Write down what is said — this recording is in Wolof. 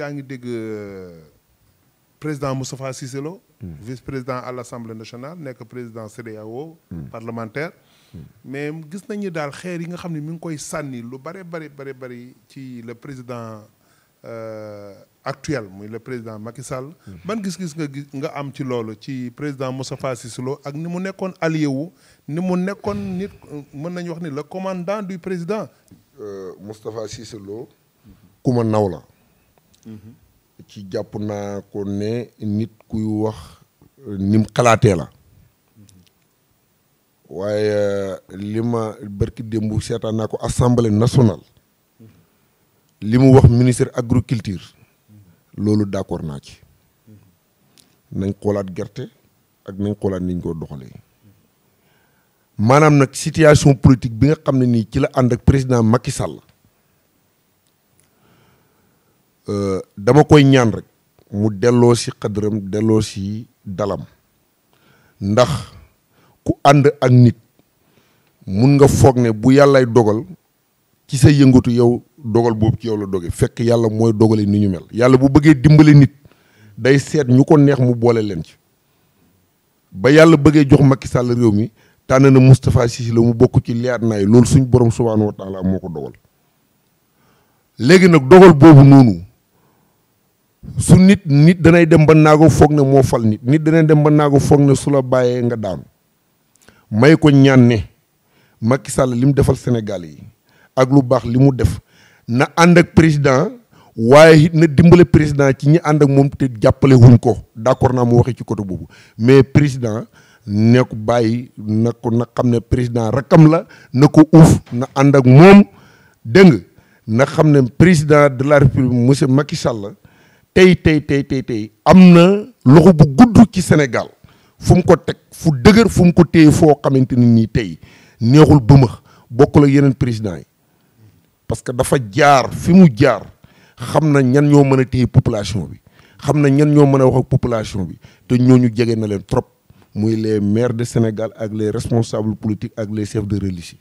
yaa ngi dégg euh, président Moustapha Cissé hmm. vice président à l' assemblée nationale nekk président CEDEAO hmm. parlementaire hmm. mais gis nañu daal xeer yi nga xam ne mi ngi koy sànni lu bare bari bari bari ci le président euh, actuel muy le président Macky Sall. ban gis-gis nga nga am ci loolu ci président Moustapha Cissé ak ni mu nekkoon allié wu ni mu nekkoon nit mën nañu wax ni le commandant du président. Euh, Moustapha Cissé Lo ku ma naw la. ci jàpp na ko ne nit kuy wax ni mu xalaatee la waaye li ma bërki démb seetaan naa ko assemblée national li mu wax ministre agriculture loolu d'accord naa ci nañ xoolaat gerte ak nañ xoolaat niñ ko doxalee maanaam nag situation politique bi nga xam ne nii ci la ànd président Macky Sall Euh, dama koy ñaan rek mu delloo si xadram delloo si dalam ndax ku ànd ak nit mun nga foog ne bu yàllay dogal ci sa yëngatu yow dogal boobu ci yow la doge fekk yàlla mooy dogale ni ñu mel yàlla bu bëggee dimbale nit day seet ñu ko neex mu boole leen ci ba yàlla bëggee jox Macky Sall réew mi tànn na Moustapha Cissé la mu bokk ci liyaat naay loolu suñ borom subhaanahu wa taala moo ko dogal léegi nag dogal boobu noonu su nit nit danay dem ba naago foog ne moo fal nit nit danay dem ba naago foog ne su bàyyee nga daanu may ko ñaan ne Macky Sall li mu defal Sénégal yi ak lu baax li mu def na ànd ak président waaye it na dimbale président ci ñi ànd ak moom te jàppale wuñ ko d'accord naa mu waxee ci côté boobu mais président ne bàyyi na ko na xam ne président rakam la na ko uuf na ànd ak moom dégg nga na xam ne président de la république monsieur Macky Sall tey tey tey tey tey am na loxo bu gudd ci Sénégal fu ko teg fu dëgër fum ko téye foo xamante ni nii tey neexul bëmëx bokkul ak yeneen président yi parce que dafa jaar fi mu jaar xam na ñan ñoo mën a téye population bi xam na ñan ñoo mën a wax population bi te ñoo ñu jege na leen trop muy les maire de Sénégal ak les responsables politique ak les chef de religion